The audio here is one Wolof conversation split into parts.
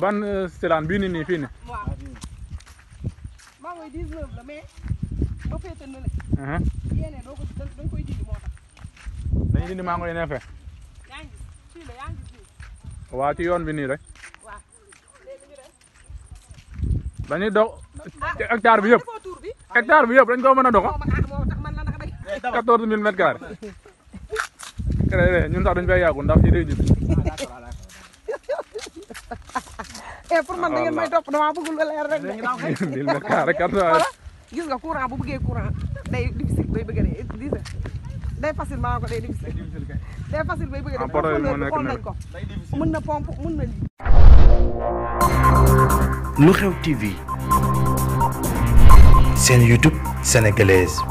ban euh, selaan bii nii nii fii nii. waaw maa maa ngi lay neefee. yaa yoon bi nii rek. waaw léegi ah. hectare bi yëpp. Ah, hectare bi yëpp dañ ko mën a doxo. 14000 ah, mètres créé ñun eh, man da ngeen may topp damaa bëgg lu leer rek nga courant bu bëggee courant a dee a dee xool TV. seen YouTube sénégalaise.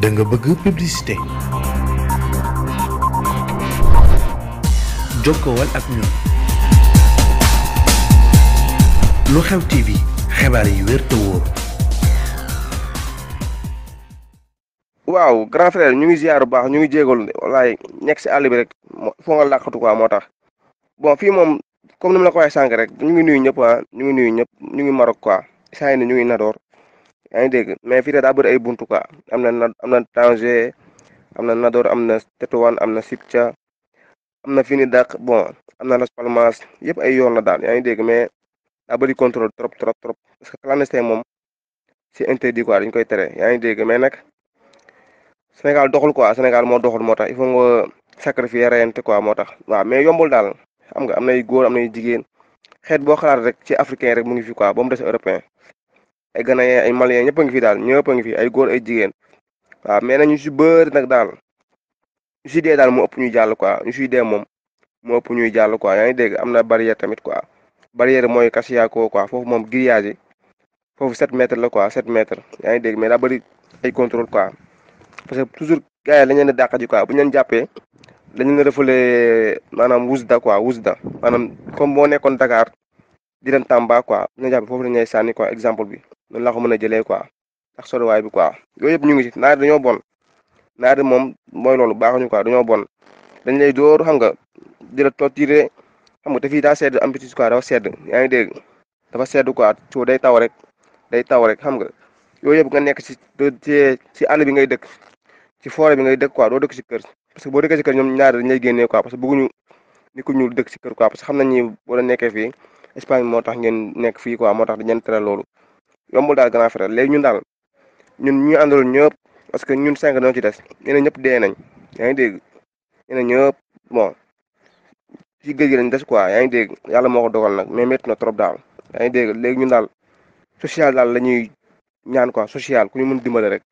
da nga bëgg publicité jokkowal ak ñun lu xew TV xibaar yi wér te waaw grand frère ñu ngi ziar bu baax ñu ngi jégalu de wallaay nekk si àll bi rek foo nga làqatu quoi moo tax bon fii moom comme ni la ko waxee sànq rek ñu ngi nuyu ñëpp ah ñu ngi nuyu ñëpp ñu ngi Maroc quoi saa yi ñu ngi Nador. yaa ngi dégg mais fii daa bëri ay buntu quoi am na am na Tanger am na Nador am na Tétouan am na Sipca am na Finidak bon am na Las Palmas yëpp ay yoon la daal yaa ngi dégg mais daa bëri contrôle trop trop trop parce que clandestin moom c'est interdit quoi dañ koy tere yaa ngi dégg mais nag Sénégal doxul quoi Sénégal moo doxul moo tax il faut nga sacrifier reyante quoi moo tax waaw mais yombul daal xam nga am nay góor na nay jigéen xeet boo xalaat rek ci africain rek mu ngi fi quoi ba mu des européen ay ghanéens ay maliens ñëpp ngi fi daal ñëpp a ngi fi ay góor ay jigéen waaw mais nañu si bëri nag daal ñu si dee daal mu ëpp ñuy jàll quoi ñu si dee moom mu ëpp ñuy jàll quoi yaa ngi dégg am na barrière tamit quoi barrière mooy Kasiako quoi foofu moom grillage yi foofu 7 mètres la quoi 7 yaa ngi dégg mais daa bëri ay contrôle quoi parce que toujours gars yi dañ leen a dàq ji bu ñu leen jàppee dañ leen a refoulé maanaam wusda quoi wusda maanaam comme boo nekkoon dakaar di dem Tamba quoi bu ñu foofu la ñuy sànni quoi exemple bi. loolu laa ko mën a jëlee quoi ak soriwaay bi quoi yooyu yëpp ñu ngi ci naar dañoo bon naar moom mooy loolu baaxuñu quoi dañoo bon dañ lay door xam nga di la xam nga te fii daa sedd am petit quoi dafa sedd yaa ngi dégg dafa sedd quoi soo day taw rek day taw rek xam nga yooyu yëpp nga nekk ci ci bi ngay dëkk ci forêt bi ngay dëkk quoi doo dëkk ci kër parce que boo dëkkee ci kër ñoom ñaar dañ lay génnee quoi parce que bëgguñu ni ku dëkk ci kër quoi parce que xam na ñi boo la nekkee fii Espagne moo tax ngeen nekk fii quoi moo tax dañu leen tere loolu yombul daal grand frère léegi ñun daal ñun ñu àndaloon ñëpp parce que ñun cinq ñoo ci des ñeneen ñëpp dee nañ yaa ngi dégg ñeneen ñëpp bon ci géej gi nañ des ko yaa ngi dégg yàlla moo ko dogal nag mais métti na trop daal yaa ngi dégg léegi ñun daal social daal la ñuy ñaan quoi social ku ñu mun dimbale rek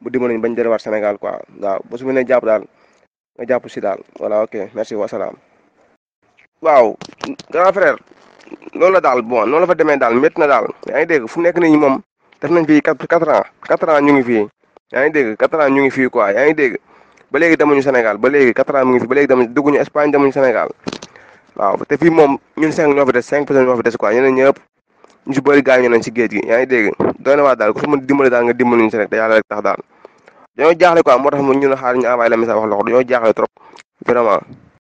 bu dimbale ñu bañ delluwaat Sénégal quoi waaw ba su ma nee jàpp daal nga jàpp si daal voilà ok merci wasalaam waaw grand frère loolu la daal bon noonu la fa demee daal métti na daal yaa ngi dégg fu nekk nii moom def nañ fii quatre quatre ans quatre ans ñu ngi fii yaa ngi dégg quatre ans ngi fii quoi yaa ngi dégg ba léegi demuñu Sénégal ba léegi quatre ans mu ngi fi ba léegi demuñu dugguñu Espagne demuñu Sénégal waaw te fii moom ñu cinq ñoo fi des cinq personnes ñoo fi des quoi ñeneen ñëpp ñu si bëri gaañu nañ si géej gi yaa ngi dégg doy na waa daal ku si mën dimbali daal nga dimbali ñu si rek te yàlla rek tax daal dañoo jaaxle quoi moo tax ñun ñu envoyé